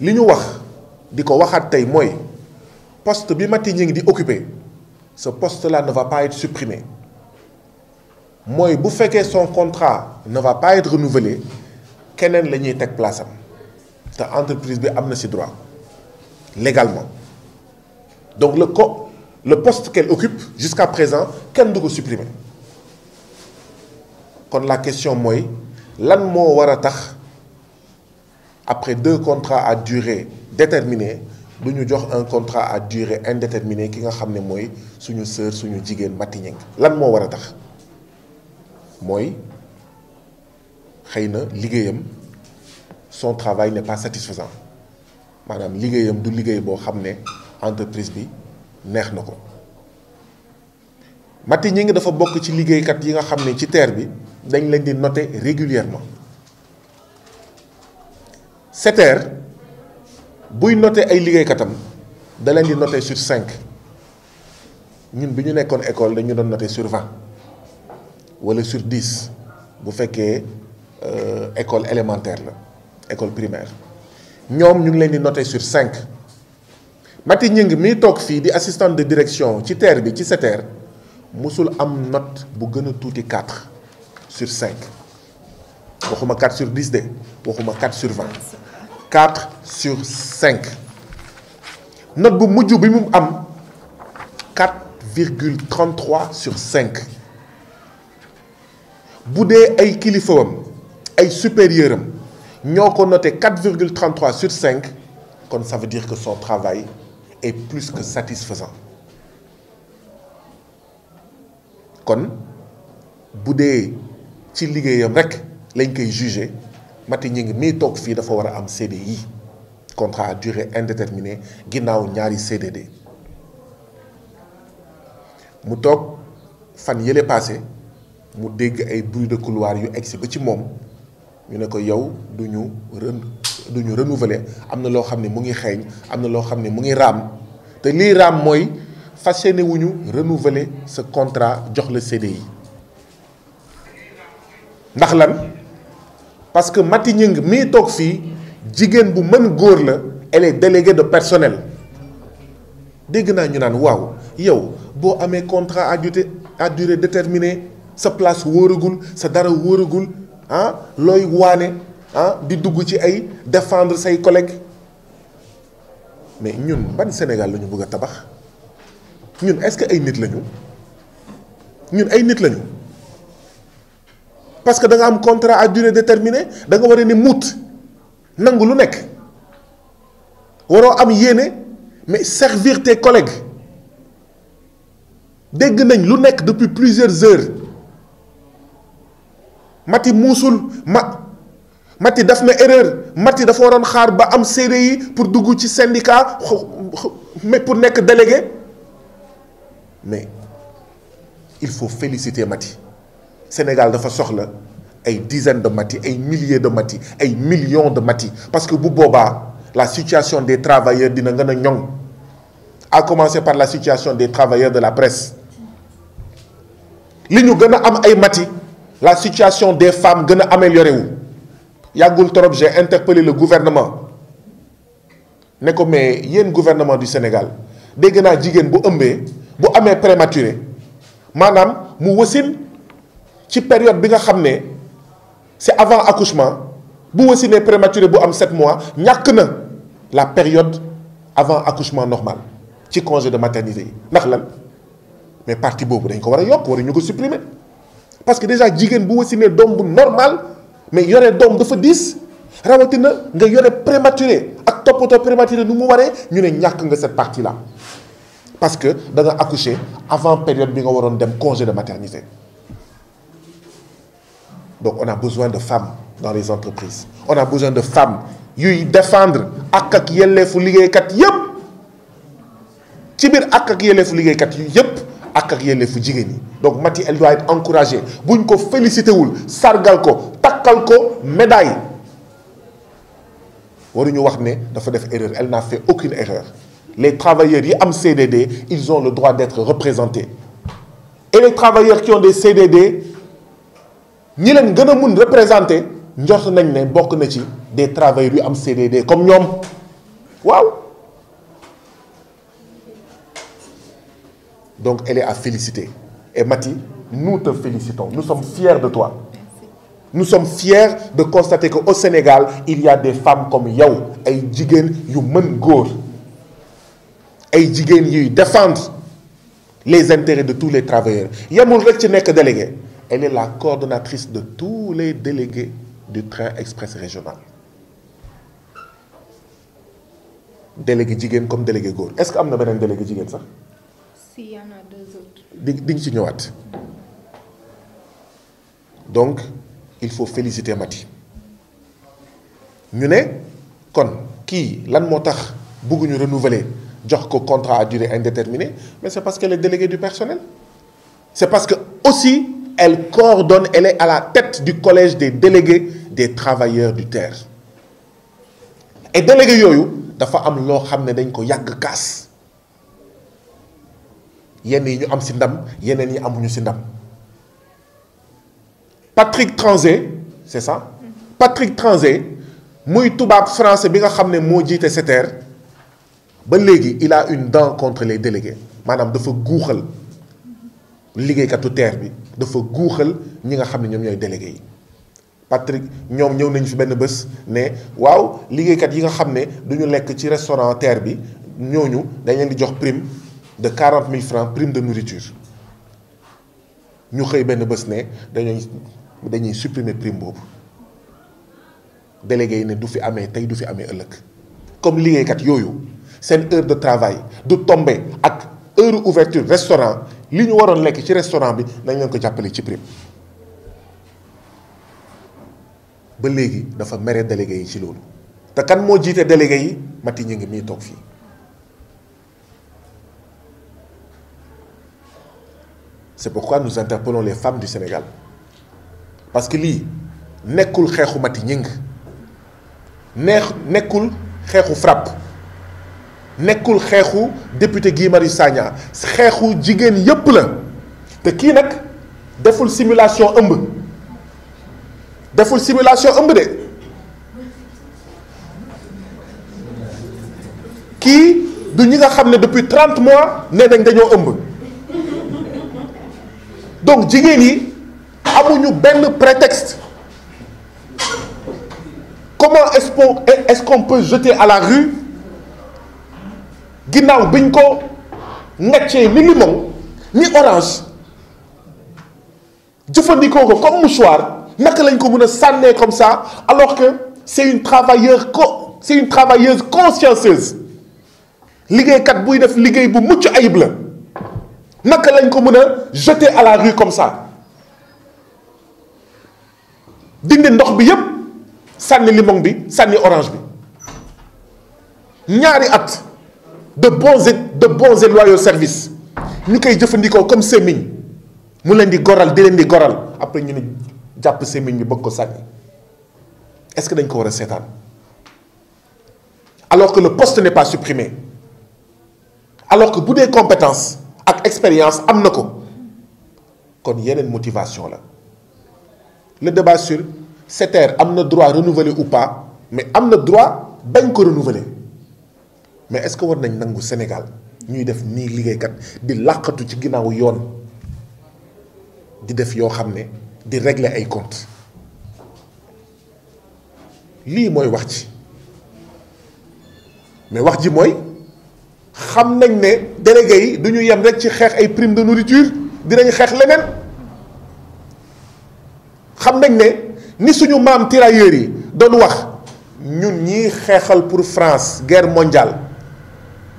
li ñu wax di ko waxaat tey mooy poste bi Mati Gningue di occupé ce post là ne va pas être mooy bu fekkee son contrat ne va pas être keneen la ñuy teg place am te entreprise bi am na ci droit légalement donc le ko le poste qu'elle occupe jusqu'à présent kenn du ko supprimer kon la question mooy lan moo war a tax. après deux contrats à durée déterminée du ñu jox un contrat à durée indéterminée ki nga xam ne mooy suñu sœur suñu jigéen Mati Niang lan moo war a tax mooy xëy na liggéeyam son travail n'est pas satisfaisant maanaam liggéeyam du liggéey boo xam ne entreprise bi neex na ko Mati ngi dafa bokk ci liggéeykat yi nga xam ne ci teer bi dañ leen di noter régulièrement SETER buy noté ay liggéeykatam da leen di noté sur cinq ñun bi ñu nekkoon école dañu doon noté sur vingt wala sur dix bu fekkee euh, école élémentaire la école primaire ñoom ñu ngi leen di notee sur cinq Mati Ñing mii toog fii di assistante de direction ci TER bi ci SETER musul am note bu gën a tuuti quatre sur cinq waxuma 4 sur 10 de waxuma 4 sur 20 4 sur cinq note bu mujj bi mu am 4 virgule bu dee ay kilifawam ay supérieur ñoo ko noté 4 virgule 33 sur 5 kon ça veut dire que son travail est plus que satisfaisant kon bu dee ci liggéeyam rekk lañ koy juger Mati ngi mii toog fii dafa war a am CDI contrat à durée indéterminée ginnaaw ñaari CDD mu toog fan yële passé mu dégg ay bruit de couloir yu egsi ba ci moom ñu ne ko yow du ñu ren du am na loo xam ne mu ngi xeeñ am na loo xam ne mu ngi raam te lii raam mooy fas yéene wu ñu renouveler sa contrat jox la yi ndax lan. parce que Mati Ñing mii toog fii jigéen bu mën góor la elle est de personnel dégg naa ñu naan waaw yow boo amee contrat à durée à durée déterminée sa place wóoragul sa dara wóoragul ah looy waane ah di dugg ci ay défendre say collègues mais ñun ban Sénégal la ñu a tabax ñun est-ce que ay nit lañu ñun ay nit lañu. parce que danga am contrat à durée déterminée da nga war a ni muut nangu lu nekk waroo am yéene mais servir tes collègues dégg nañ lu nekk depuis plusieurs heures Mati muusul ma Mati daf na erreur Mati dafa waroon xaar ba am séeréer yi pour dugg ci syndicat mais pour nekk délégué mais il faut féliciter Mati. Sénégal dafa soxla ay dizaines de mati ay milliers de mati ay millions de mati parce que bu boobaa la situation des travailleurs dina gën a ñoŋ à commencer par la situation des travailleurs de la presse li ñu gën a am ay mati la situation des femmes gën a amélioré wu yàggul trop j'ai interpellé le gouvernement ne ko mais yéen gouvernement du Sénégal dégg naa jigéen bu ëmbee bu amee prématuré maanaam mu wasin ci période bi nga xam ne c'est avant accouchement bu wasinee prématuré bu am 7 mois ñàkk na la période avant accouchement normal ci congé de maternité yi ndax lan mais parti boobu dañ ko war a yokk war ñu ko supprimer parce que déjà jigéen bu wasinee doom bu normal mais yore doom dafa diis rawatina nga yore prématuré ak toppatoo prématuré nu mu waree ñu ne ñàkk nga cette partie là parce que danga nga accouché avant période bi nga waroon dem congé de maternité donc on a besoin de femmes dans les entreprises on a besoin de femmes yuy défendre ak ak yelleefu liggéeykat yëpp ci biir ak ak yelleefu liggéeykat yi yëpp ak ak yelleefu jigéen ñi donc Maty elle doit être encouragée bu ñu ko félicité wul sargal ko takkal ko médaille waruñu wax ne dafa def erreur elle n'a fait aucune erreur les travailleurs yi am CDD ils ont le droit d'être représentés et les travailleurs qui des CDD ñi leen gën a mun représenter njort nañ ne bokk na ci des travailleurs yu am CDD comme ñoom waaw donc elle est à féliciter et Maty nous te félicitons nous sommes fiers de toi nous sommes fiers de constater que au Sénégal il y des femmes comme yow ay jigéen yu mën góor ay jigéen yuy défendre les intérêts de tous les travailleurs yemul rek ci nekk délégué elle est la coordonnatrice de tous les délégués du train express régional délégué jigéen comme délégué góor est-ce que am na beneen délégué jigéen sax. si y di di ci ñëwaat donc il faut féliciter Mati ñu ne kon kii lan moo tax bëgguñu renouveler jox ko contrat à durée indéterminée mais c'est parce qu'elle est déléguée du personnel c'est parce que aussi. Elle coordonne, elle est à la tête du collège des délégués des travailleurs du terre. Et délégués yooyu dafa am loo xam ne dañ ko yàgg kaas yenn yi ñu am si ndam yeneen yi amuñu si ndam Patrick Transé c'est ça. Patrick Transé muy tubaab français bi nga xam ne moo jiite SETER ba léegi il a une dent contre les délégués maanaam dafa guuxal. liggéeykatu TER bi dafa guuxal ñi nga xam ne ñoom ñooy délégué yi Patrick ñoom ñëw nañu fi benn bés ne waaw liggéeykat yi nga xam ne du ñu lekk ci restaurant TER bi ñooñu dañ leen di jox prime de quarante mille francs prime de nourriture ñu xëy benn bés ne dañuy dañuy supprimer prime boobu délégué yi ne du fi amee tey du fi amee ëllëg comme liggéeykat yooyu seen heure de travail du tombe ak heure ouverture restaurant li ñu waroon lekk ci restaurant bi nañ leen ko jàppale ci prime ba léegi dafa mere délégué yi ci loolu te kan moo jiite délégué yi Mati ñu ngi muy toog fii c'est pourquoi nous interpellons les femmes du Sénégal parce que lii nekkul xeexu Mati ñing neex nekkul xeexu FRAPP nekkul xeexu député Guy Marius Sagna xeexu jigéen yépp la te kii nag deful simulation ëmb deful simulation ëmb de kii du ñi nga xam ne depuis trente mois nee dañ dañoo ëmb donc jigéen yi amuñu benn prétexte comment est-ce jeter à la rue ginnaaw biñ ko ngaccee minimum ni orange jëfandikoo ko comme mouchoir naka lañ ko mën a sànnee comme sa alors que c'est une travailleuse co c'est une travailleuse consciencieuse liggéeykat buy def liggéey bu mucc ayib la naka lañ ko mën a jeter à la rue comme sa dindi ndox bi yépp sànni limon bi sànni orange bi ñaari at de bons et de bons et loyaux service ñu koy jëfandikoo comme sémmiñ mu leen di goral di leen di goral après ñu ne jàpp sémmiñ bi bëgg ko sànni est-ce que dañ ko war a seetaan alors que le poste n'est pas supprimé alors que bu dee compétence ak expérience am na ko kon yeneen motivation la le débat sur SETER am na droit renouveler ou pas mais am na droit bañ ko renouveler. mais est-ce que war nañ nangu Sénégal ñuy def nii liggéeykat di làqatu ci ginnaaw yoon di def yoo xam ne di régler ay compte lii mooy wax ci mais wax ji mooy xam nañ ne délégués yi du ñu yem rek ci xeex ay prime de nourriture dinañ xeex lemen xam nañ ne ni suñu maam tirailleurs yi doon wax ñun ñiy xeexal pour France guerre mondiale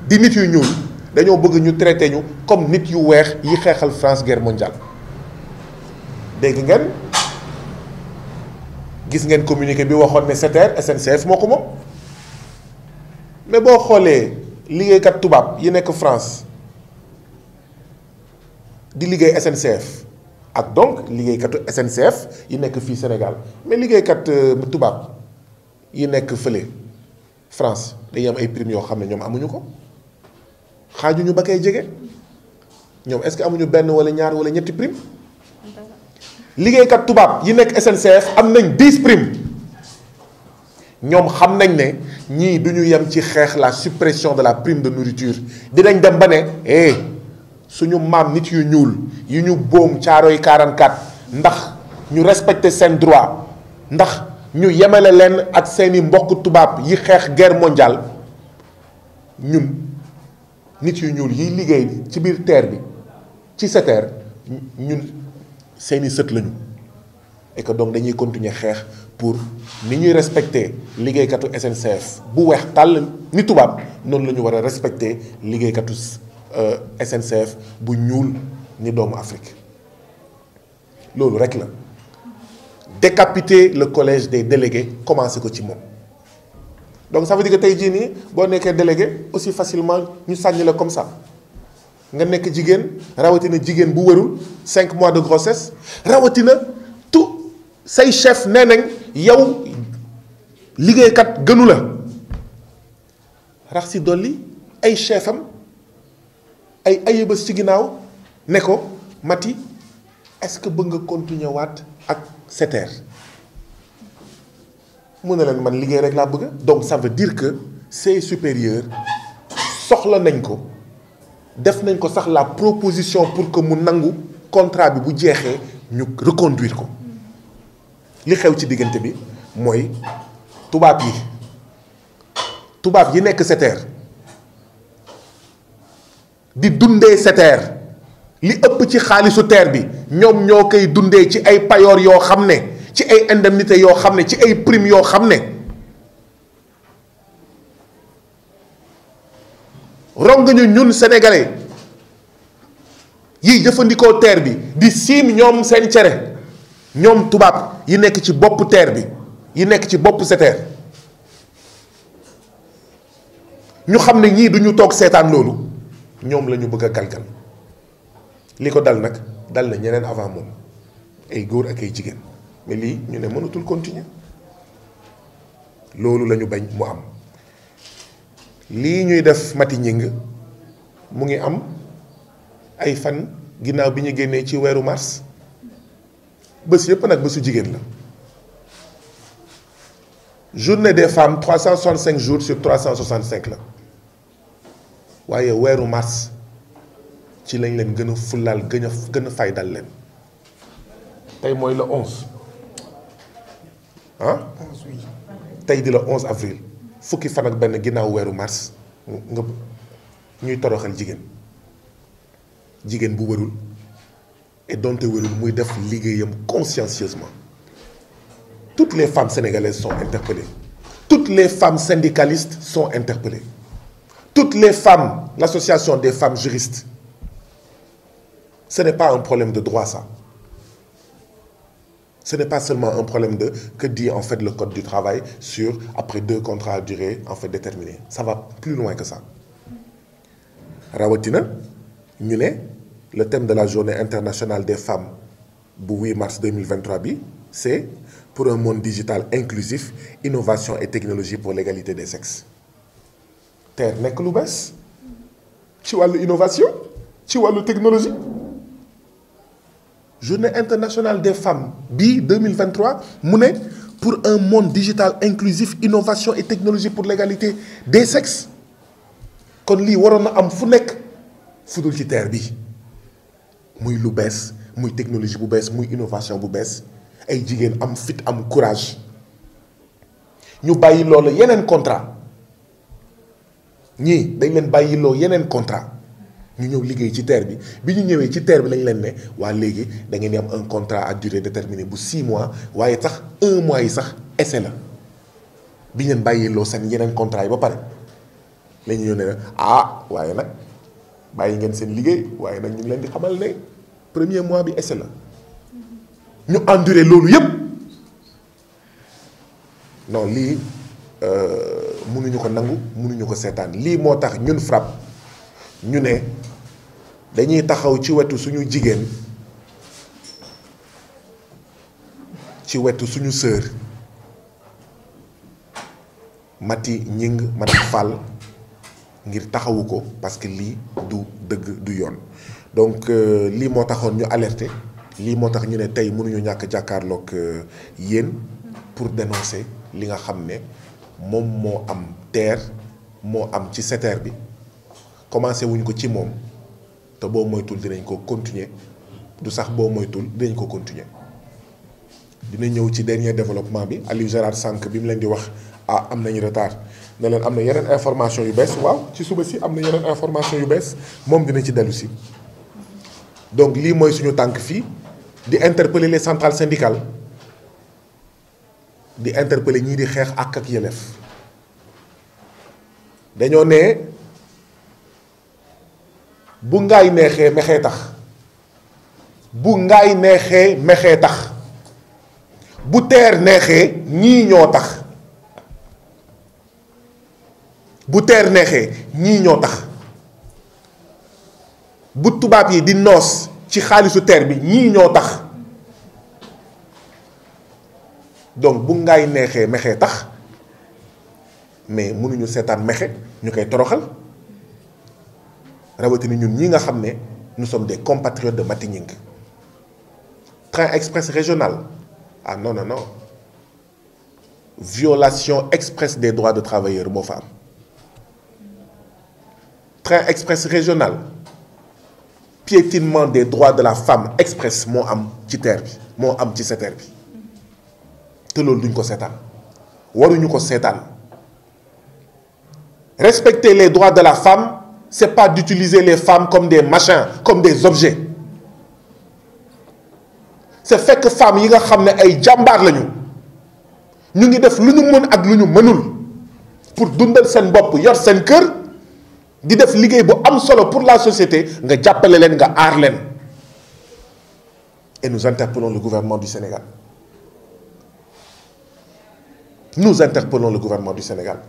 di nit yu ñuul dañoo bëgg ñu traité ñu comme nit yu weex yi xeexal France guerre mondiale dégg ngeen gis ngeen communiqué bi waxoon ne SETER SNCF moo ko moom mais boo xoolee liggéeykat tubaab yi nekk France di liggéey SNCF ak donc liggéeykatu SNCF yi nekk fii Sénégal mais liggéeykat euh, tubaab yi nekk fële France dañuy am ay primes yoo xam ne ñoom amuñu ko. ñu ba koy jege ñoom est-ce amuñu benn wala ñaar wala ñetti prime liggéeykat tubaab yi nekk SNCF am nañ dix prime ñoom xam nañ ne ñii du ñu yem ci xeex la suppression de la prime de nourriture dinañ dem ba ne eh, suñu maam nit yu ñuul yu ñu boom caaroy 44 ndax ñu respecter seen droit ndax ñu yemale leen ak seeni mbokk tubaab yi xeex guerre mondiale ñun. nit yu ñuul yiy liggéey ci biir terre bi ci SETER ñun seeni sët lañu et que dañuy continuer xeex pour ni ñuy respecter liggéeykatu SNCF bu weex tàll ni tubaab noonu la ñu war a respecter liggéeykatu euh, SNCF bu ñuul ni doomu Afrique loolu rek la décapiter le collège de délégués commencé ko ci moom. donc ça veut tey jii nii boo nekkee délégué aussi facilement ñu sànni la comme ça nga nekk jigéen rawatina jigéen bu wërul cinq mois de grossesse rawatina tout say chef nee nañ yow liggéeykat gënu la rax si dolli ay chef ay ayubés ci ginnaaw ne ko Mati est-ce que bëgg nga continuer waat ak SETER mu ne leen man liggéey rek laa bëgg donc ça veut que ces supérieurs soxla nañ ko def nañ ko sax la proposition pour que mu nangu contrat bi bu jeexee ñu reconduire ko li xew ci diggante bi mooy tubaab yi tubaab yi nekk SETER di dundee SETER li ëpp ci xaalisu TER bi ñoom ñoo koy dundee ci ay payoor yoo xam ne ci ay indemnité yoo xam ne ci ay prime yoo xam ne rong ñun sénégalais yiy jëfandikoo teer bi di siim ñoom seen cere ñoom tubaab yi nekk ci bopp terre bi yi nekk ci bopp SETER ñu xam ne ñii duñu toog seetaan loolu ñoom lañu ñu bëgg a galgal li ko dal nag dal na ñeneen avant moom ay góor ak ay jigéen mais ñu ne mënatul continuer loolu lañu bañ mu am lii ñuy def Mati Ñing mu ngi am ay fan ginnaaw bi ñu génnee ci weeru mars bés yëpp nag bésu jigéen la journée des femmes 365 jours cent sur 365 la waaye weeru mars ci lañ leen gën a fullaal gën a faydal leen tey mooy le 11. ah tey di la 11 avril fukki fan ak benn ginnaaw weeru mars nga ñuy toroxal jigéen jigéen bu wërul et donte wërul muy def liggéeyam consciencieusement toutes les femmes sénégalaises sont interpellées toutes les femmes syndicalistes sont interpellées toutes les femmes l'association des femmes juristes ce n'est pas un problème de droit ça Ce n'est pas seulement un problème de que dit en fait le code du travail sur après deux contrats à durée en fait déterminée. Ça va plus loin que ça. rawatina ñu ne le thème de la journée internationale des femmes bu 8 mars 2023 bi c'est pour un monde digital inclusif innovation et technologie pour l'égalité des sexes TER nekk lu bees ci wàllu innovation ci wàllu technologie journée internationale des femmes bii 2023 mu ne pour un monde digital inclusif innovation et technologie pour l'égalité des sexes kon lii waroon na am fu nekk fudul ci terre bi muy lu bees muy technologie bu bees muy innovation bu bees ay jigéen am fit am courage ñu bàyyi loolu yeneen contrat ñii dañ leen loolu yeneen contrat ñu ñëw liggéey ci terre bi bi ñu ñëwee ci terre bi lañ leen ne waa léegi dangeen ngeen di am un contrat à durée déterminée bu 6 mois waaye sax un mois yi sax essai la bi ñu bàyyi loo seen yeneen contrat yi ba pare la ñu ñëw ne ah waaye nag bàyyi ngeen seen liggéey waaye nag ñu ngi leen di xamal ne premier mois bi ese la ñu enduré loolu yépp non lii euh, mënuñu ko nangu munuñu ko seetaan lii moo tax ñun FRAPP. ñu ne dañuy taxaw ci wetu suñu jigéen ci wetu suñu sœur Mati Ñing madame Fall ngir taxawu ko parce que lii du dëgg du yoon donc euh, lii moo taxoon ñu alerte lii moo tax ñu ne tey mënuñu ñàkk jàkkaarlook euh, yéen pour dénoncer li nga xam ne moom moo am terre moo am ci SETER bi commencé wuñ ko ci moom te boo moytul dinañ ko continuer du sax boo moytul dinañ ko continuer dina ñëw ci dernier développement bi Aliou Gérard Sànq bi mu leen di wax ah am nañu retard ne leen am na yeneen information yu bees waaw ci suba si am na yeneen information yu bees moom dina ci dellu donc lii mooy suñu tànk fii di interpeller les centrales syndicales di interpeller ñii di xeex ak ak yelef dañoo ne bu ngaay neexee mexee tax bu ngaay neexee mexee tax bu teer neexee ñii ñoo tax bu teer neexee ñii ñoo tax bu tubaab yi di noos ci xaalisu teer bi ñii ñoo tax donc bu ngay neexee mexee tax mais mënuñu seetaan mexe ñu koy toroxal rawatina ñun ñi nga xam ne nous sommes des compatriotes de Matigning train express régional ah non no non violation express des droits de travailleurs moo fa am train express régional piétinement des droits de la femme express moo am ci TER bi moo am ci SETER bi te loolu duñ ko seetaan waruñu ko seetaan respecter les droits de la femme c'est pas d'utiliser les femmes comme des machins comme des objets c'est fekk femmes yi nga xam ne ay jàmbaar lañu ñu ngi def lu ñu mën ak lu ñu mënul pour dundal seen bopp yor seen kër di def liggéey bu am solo pour la société nga jàppale leen nga aar leen et nous interpellons le gouvernement du Sénégal nous interpellons le gouvernement du Sénégal